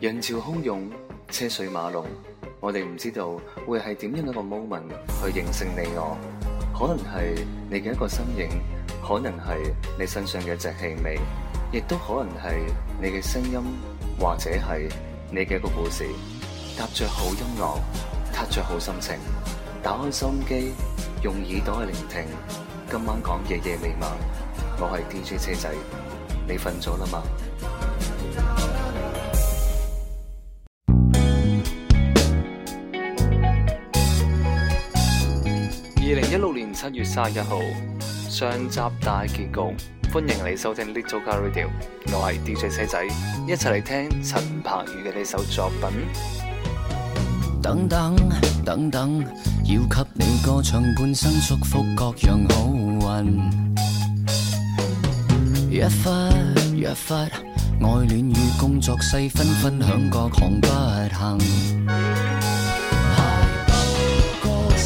人潮洶湧，車水馬龍，我哋唔知道會係點樣一個 moment 去形成你我，可能係你嘅一個身影，可能係你身上嘅一隻氣味，亦都可能係你嘅聲音，或者係你嘅一個故事，搭着好音樂，揼着好心情，打開心機，用耳朵去聆聽，今晚講《夜夜未晚》，我係 DJ 車仔，你瞓咗啦嘛？六年七月三十一號，上集大結局。歡迎你收聽 Little Car Radio，我係 DJ 車仔，一齊嚟聽陳柏宇嘅呢首作品。 等等等等，要給你歌唱半生，祝福各樣好運。一分一分，愛戀與工作細分分享個行不幸。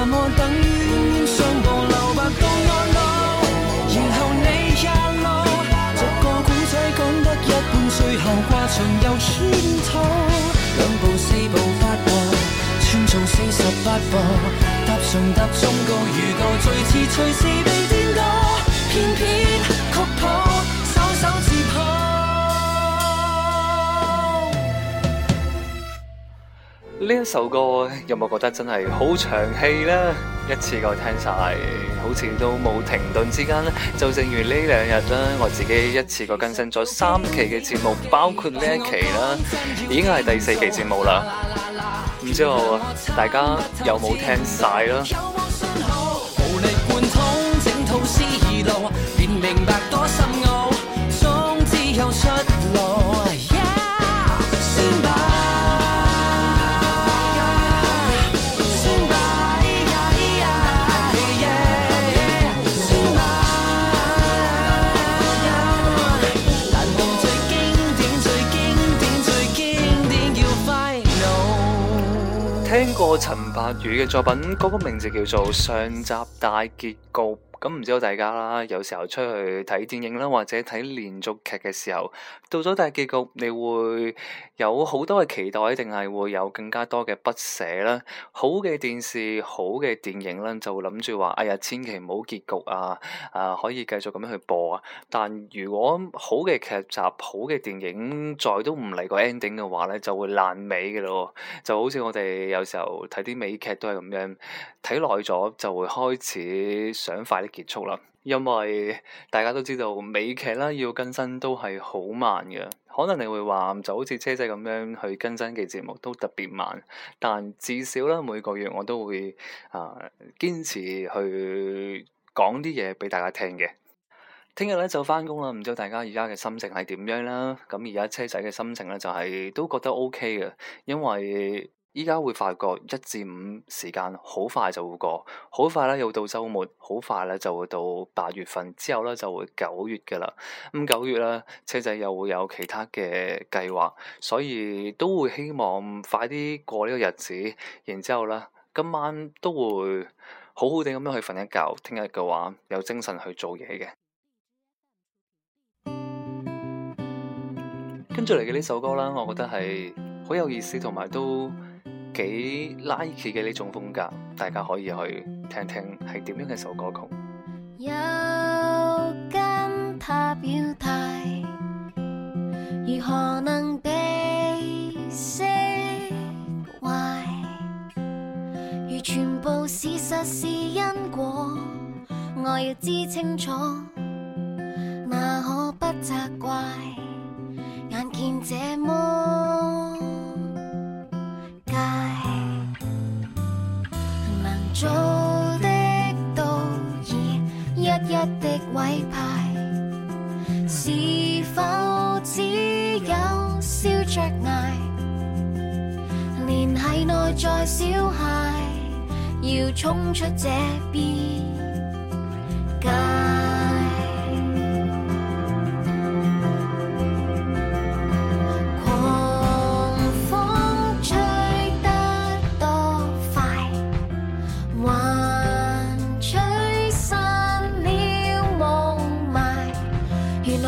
那麼等於雙步留白到安老，然後你也老。逐個古仔講得一半，最後掛牆又圈套。兩步四步八步，穿錯四十八步，踏上踏中告預告，最遲隨時被顛倒，偏偏。呢一首歌有冇覺得真係好長氣呢？一次過聽晒，好似都冇停頓之間咧。就正如呢兩日啦，我自己一次過更新咗三期嘅節目，包括呢一期啦，已經係第四期節目啦。唔知我大家有冇聽晒咧？ 個陳柏宇嘅作品，嗰個名字叫做《上集大結局》。咁唔知道大家啦，有時候出去睇電影啦，或者睇連續劇嘅時候，到咗大結局，你會有好多嘅期待，定係會有更加多嘅不捨啦，好嘅電視好嘅電影啦就會諗住話哎呀，千祈唔好結局啊！啊，可以繼續咁樣去播啊！但如果好嘅劇集、好嘅電影再都唔嚟個 ending 嘅話咧，就會爛尾嘅咯。就好似我哋有時候睇啲美劇都係咁樣，睇耐咗就會開始想快啲。結束啦，因為大家都知道美劇啦，要更新都係好慢嘅。可能你會話，就好似車仔咁樣去更新嘅節目都特別慢，但至少啦，每個月我都會啊呃、堅持去講啲嘢，俾大家聽嘅。聽日咧就翻工啦，唔知道大家而家嘅心情係點樣啦？咁而家車仔嘅心情咧就係都覺得 OK 嘅，因為。依家會發覺一至五時間好快就會過，好快咧又到周末，好快咧就會到八月份，之後咧就會九月㗎喇。咁九月咧，車仔又會有其他嘅計劃，所以都會希望快啲過呢個日子。然之後咧，今晚都會好好地咁樣去瞓一覺，聽日嘅話有精神去做嘢嘅。 跟住嚟嘅呢首歌啦，我覺得係好有意思，同埋都。幾拉 i 嘅呢種風格，大家可以去聽聽係點樣嘅首歌曲。有金拍表態，如何能被釋懷？如全部事實是因果，我要知清楚，那可不責怪？眼見這麼。做的都已一一的委派，是否只有笑着挨？聯繫內在小孩，要衝出這邊。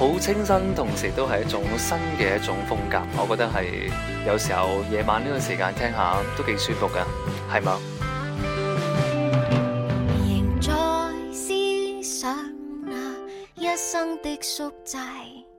好清新，同時都係一種新嘅一種風格，我覺得係有時候夜晚呢個時間聽下都幾舒服㗎，係嗎？仍在思想那一生的宿債。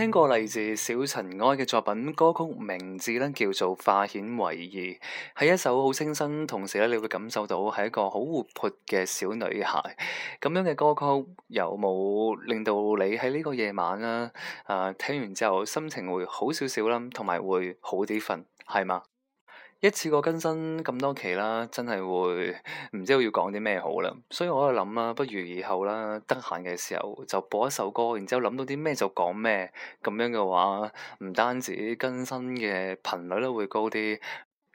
聽過嚟自小塵埃嘅作品，歌曲名字咧，叫做化險為夷，係一首好清新，同時咧，你會感受到係一個好活潑嘅小女孩咁樣嘅歌曲，有冇令到你喺呢個夜晚啦？啊、呃，聽完之後心情會好少少啦，同埋會好啲瞓，係嘛？一次過更新咁多期啦，真係會唔知我要講啲咩好啦，所以我就諗啊，不如以後啦，得閒嘅時候就播一首歌，然之後諗到啲咩就講咩，咁樣嘅話，唔單止更新嘅頻率都會高啲。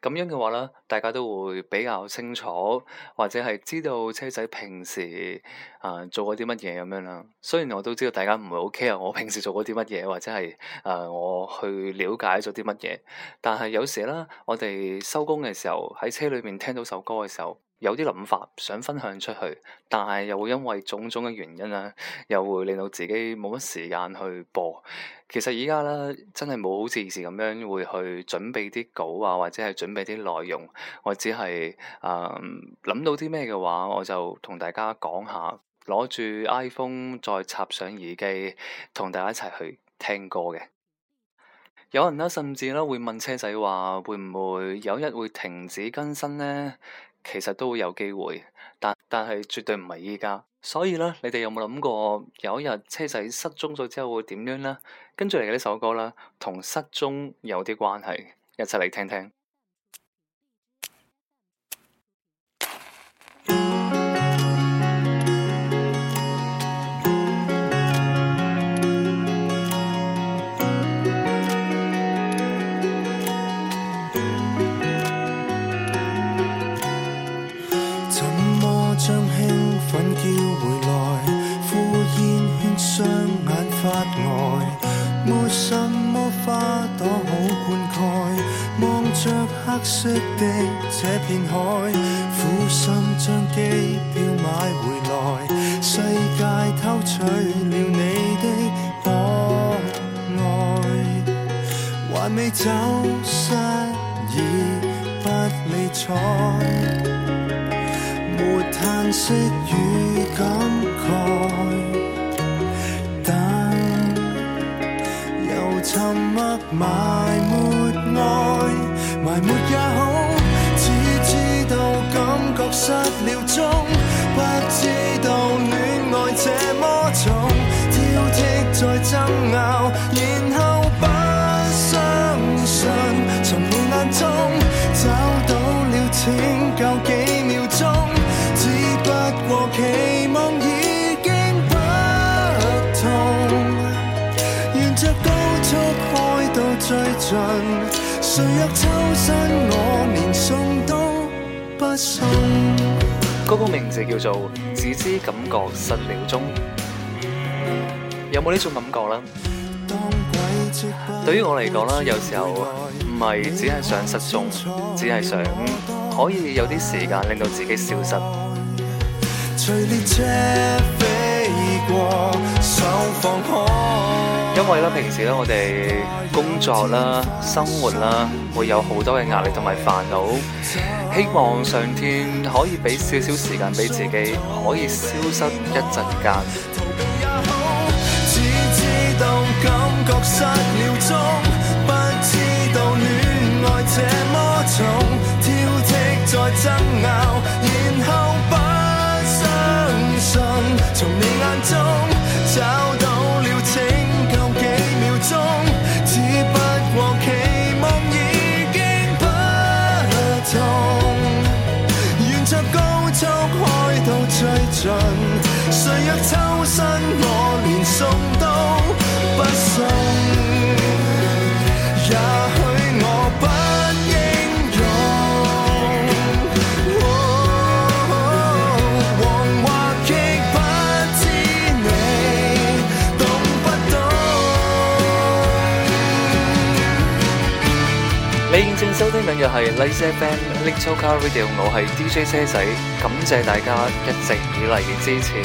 咁樣嘅話咧，大家都會比較清楚，或者係知道車仔平時啊、呃、做過啲乜嘢咁樣啦。雖然我都知道大家唔係好 care 我平時做過啲乜嘢，或者係啊、呃、我去了解咗啲乜嘢，但係有時咧，我哋收工嘅時候喺車裏面聽到首歌嘅時候。有啲諗法想分享出去，但係又會因為種種嘅原因啦，又會令到自己冇乜時間去播。其實而家咧，真係冇好似以前咁樣會去準備啲稿啊，或者係準備啲內容，我只係誒諗到啲咩嘅話，我就同大家講下，攞住 iPhone 再插上耳機，同大家一齊去聽歌嘅。 有人咧，甚至咧會問車仔話，會唔會有一日會停止更新咧？其實都會有機會，但但係絕對唔係依家。所以咧，你哋有冇諗過有一日車仔失蹤咗之後會點樣呢？跟住嚟嘅呢首歌啦，同失蹤有啲關係，一齊嚟聽聽。黑色的這片海，苦心將機票買回來，世界偷取了你的愛，還未走失已不理睬，沒嘆息嗰個名字叫做「自知感覺失了蹤」，有冇呢種感覺呢？對於我嚟講啦，有時候唔係只係想失蹤，只係想可以有啲時間令到自己消失。因為咧，平時咧，我哋工作啦、嗯、生活啦，會有好多嘅壓力同埋煩惱，希望上天可以俾少少時間俾自己，可以消失一陣間。逃避也好，只知道感覺失了蹤，不知道戀愛這麼重，挑剔再爭拗，然後不相信，從你眼中找到了。中，只不過期望已經不同，沿着高速開到最盡，誰若抽身，我連送。收聽緊嘅係 Lite FM Little Car Radio，我係 DJ 車仔，感謝大家一直以嚟嘅支持，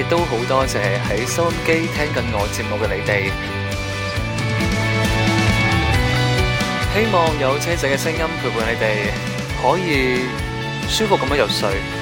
亦都好多謝喺收音機聽緊我節目嘅你哋，希望有車仔嘅聲音陪伴你哋，可以舒服咁樣入睡。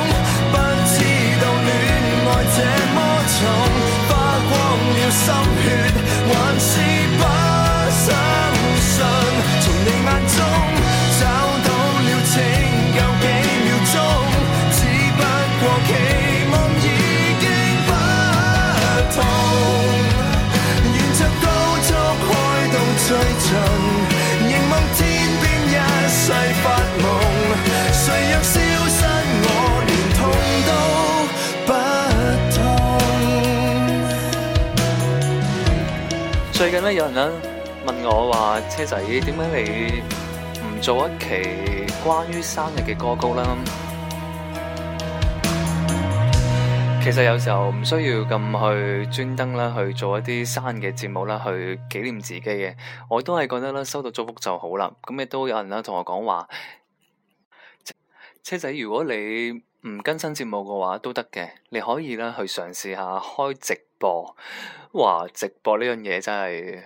最近咧，有人咧問我話，車仔點解你唔做一期關於生日嘅歌曲啦？ 其實有時候唔需要咁去專登咧去做一啲生日嘅節目啦，去紀念自己嘅。我都係覺得啦，收到祝福就好啦。咁亦都有人咧同我講話，車仔如果你唔更新節目嘅話都得嘅，你可以咧去嘗試下開直。播哇，直播，直播呢樣嘢真係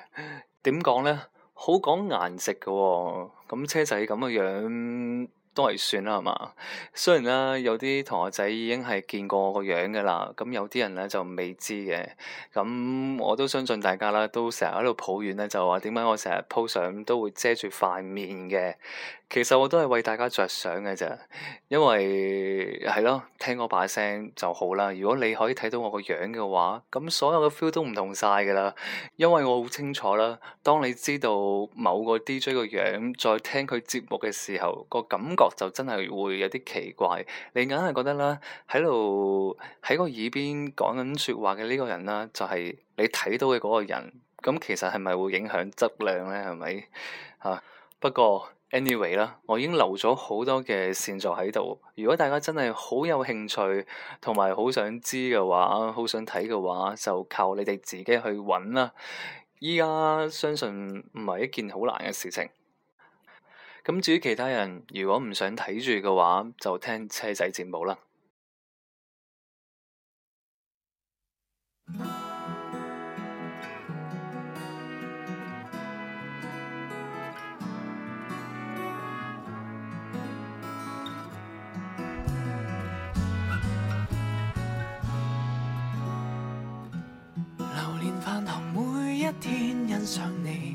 點講咧？好講顏值嘅喎，咁車仔咁嘅樣。都係算啦，係嘛？雖然啦有啲同學仔已經係見過我個樣嘅啦，咁有啲人咧就未知嘅。咁我都相信大家啦都成日喺度抱怨咧，就話點解我成日 po 相都會遮住塊面嘅？其實我都係為大家着想嘅啫，因為係咯，聽我把聲就好啦。如果你可以睇到我個樣嘅話，咁所有嘅 feel 都唔同晒嘅啦。因為我好清楚啦，當你知道某個 DJ 個樣再聽佢節目嘅時候，嗰個感覺。就真係會有啲奇怪，你硬係覺得啦，喺度喺個耳邊講緊說話嘅呢個人啦，就係你睇到嘅嗰個人，咁、就是、其實係咪會影響質量咧？係咪嚇？不過 anyway 啦，我已經留咗好多嘅線索喺度。如果大家真係好有興趣同埋好想知嘅話，好想睇嘅話，就靠你哋自己去揾啦。依家相信唔係一件好難嘅事情。咁至於其他人，如果唔想睇住嘅話，就聽車仔節目啦。 流連飯堂每一天，欣賞你。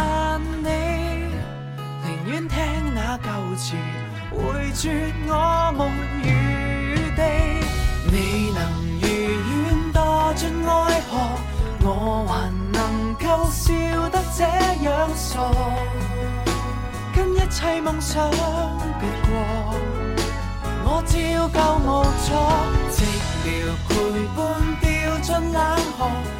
但你寧願聽那舊詞回絕我無餘地，你能如願墮進愛河，我還能夠笑得這樣傻，跟一切夢想別過，我照舊無錯，寂寥陪伴掉進冷河。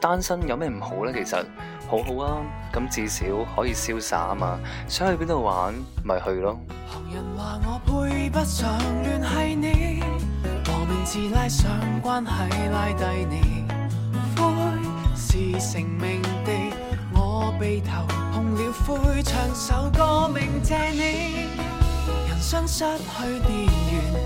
單身有咩唔好咧？其實好好啊，咁至少可以瀟灑啊嘛，想去邊度玩咪去咯。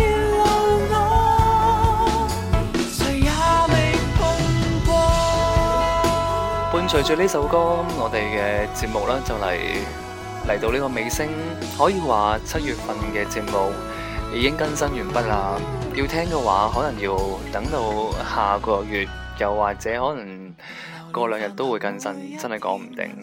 隨住呢首歌，我哋嘅節目呢就嚟嚟到呢個尾聲，可以話七月份嘅節目已經更新完畢啦。要聽嘅話，可能要等到下個月，又或者可能過兩日都會更新，真係講唔定。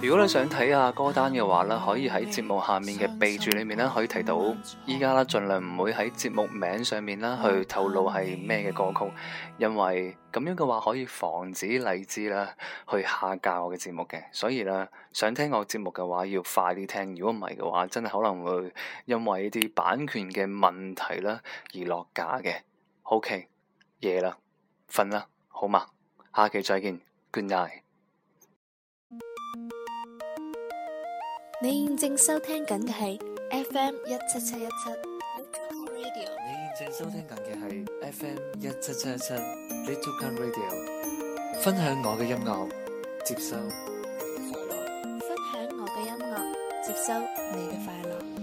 如果你想睇下歌單嘅話咧，可以喺節目下面嘅備註裏面咧，可以提到依家啦，盡量唔會喺節目名上面咧去透露係咩嘅歌曲，因為咁樣嘅話可以防止荔枝啦去下架我嘅節目嘅。所以咧，想聽我節目嘅話，要快啲聽，如果唔係嘅話，真係可能會因為啲版權嘅問題咧而落架嘅。OK，夜啦，瞓啦，好嘛，下期再見，Good night。你現正收聽緊嘅係 FM 一七七一七，你現正收聽緊嘅係 FM 一七七一七，Little Can Radio。分享我嘅音樂，接收快樂。分享我嘅音樂，接收你嘅快樂。